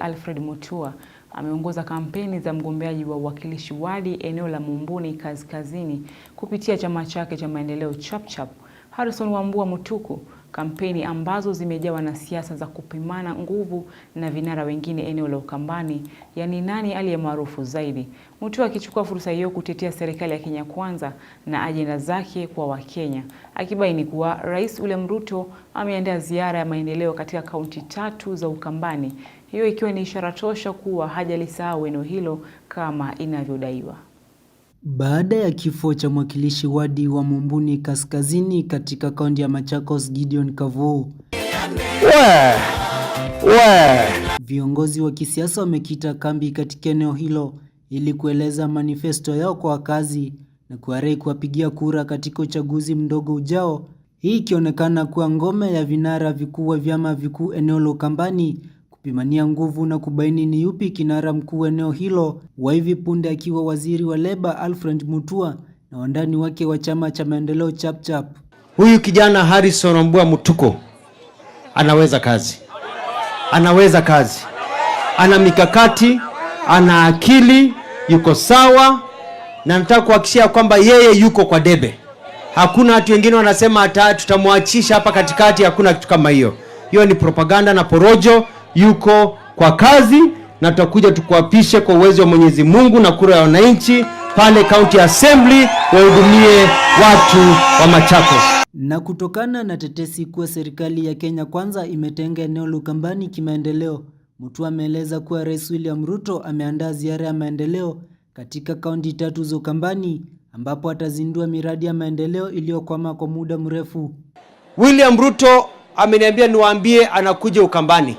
Alfred Mutua ameongoza kampeni za mgombeaji wa uwakilishi wadi eneo la Mumbuni Kaskazini kupitia chama chake cha maendeleo Chapchap, Harrison Wambua Mutuku, kampeni ambazo zimejawa na siasa za kupimana nguvu na vinara wengine eneo la Ukambani, yaani nani aliye maarufu zaidi. Mutua akichukua fursa hiyo kutetea serikali ya Kenya Kwanza na ajenda zake kwa Wakenya, akibaini kuwa Rais William Ruto ameandaa ziara ya maendeleo katika kaunti tatu za Ukambani hiyo ikiwa ni ishara tosha kuwa hajalisahau eneo hilo kama inavyodaiwa. Baada ya kifo cha mwakilishi wadi wa Mumbuni Kaskazini katika kaunti ya Machakos, Gideon Kavuu, viongozi wa kisiasa wamekita kambi katika eneo hilo ili kueleza manifesto yao kwa wakazi na kuwarai kuwapigia kura katika uchaguzi mdogo ujao, hii ikionekana kuwa ngome ya vinara vikuu wa vyama vikuu eneo la Ukambani kupimania nguvu na kubaini ni yupi kinara mkuu eneo hilo wa hivi punde akiwa waziri wa leba Alfred Mutua na wandani wake wa chama cha maendeleo Chapchap. Huyu kijana Harrison Ombua Mutuko anaweza kazi, anaweza kazi, ana mikakati, ana akili, yuko sawa, na nataka kuhakikishia kwamba yeye yuko kwa debe. Hakuna watu wengine wanasema hata tutamwachisha hapa katikati. Hakuna kitu kama hiyo. Hiyo ni propaganda na porojo yuko kwa kazi na tutakuja tukuapishe kwa uwezo wa Mwenyezi Mungu na kura ya wananchi pale County Assembly wahudumie watu wa Machakos. Na kutokana na tetesi kuwa serikali ya Kenya Kwanza imetenga eneo Lukambani kimaendeleo, mtu ameeleza kuwa Rais William Ruto ameandaa ziara ya maendeleo katika kaunti tatu za Ukambani ambapo atazindua miradi ya maendeleo iliyokwama kwa muda mrefu. William Ruto ameniambia niwaambie anakuja Ukambani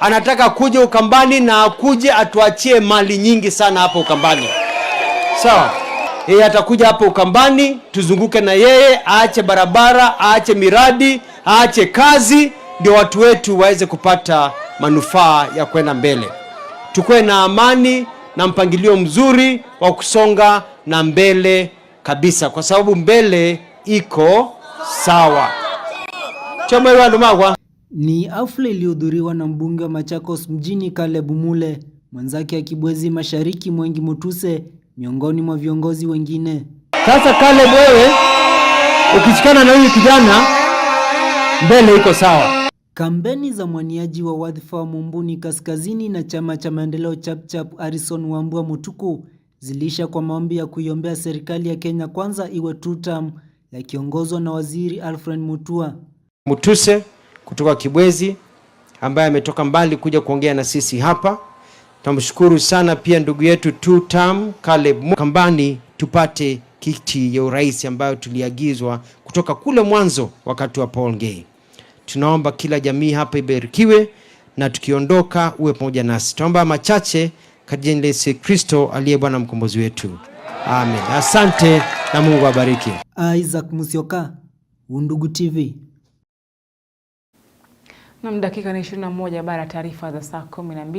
anataka kuja Ukambani na akuje atuachie mali nyingi sana hapo Ukambani, sawa? So, yeye atakuja hapo Ukambani, tuzunguke na yeye, aache barabara, aache miradi, aache kazi, ndio watu wetu waweze kupata manufaa ya kwenda mbele. Tukuwe na amani na mpangilio mzuri wa kusonga na mbele kabisa, kwa sababu mbele iko sawa chama iwandumagwa ni hafla iliyohudhuriwa na mbunge wa Machakos mjini Caleb Mulle, mwenzake ya Kibwezi Mashariki Mwengi Mutuse, miongoni mwa viongozi wengine. Sasa Caleb, wewe ukichikana na huyu kijana mbele iko sawa. Kampeni za mwaniaji wa wadhifa wa Mumbuni Kaskazini na chama cha maendeleo Chapchap Harrison Wambua Mutuku ziliisha kwa maombi ya kuiombea serikali ya Kenya Kwanza iwe two term, yakiongozwa na Waziri Alfred Mutua Mutuse kutoka Kibwezi ambaye ametoka mbali kuja kuongea na sisi hapa. Tunamshukuru sana pia ndugu yetu two term Caleb Kambani, tupate kiti ya urais ambayo tuliagizwa kutoka kule mwanzo wakati wa Paul Ngei. Tunaomba kila jamii hapa ibarikiwe na tukiondoka uwe pamoja nasi. Tunaomba machache katika Kristo aliye Bwana mkombozi wetu, amen. Asante na Mungu abariki. Isaac Musyoka, Undugu TV. Nam dakika ni 21 baada ya taarifa za saa 12.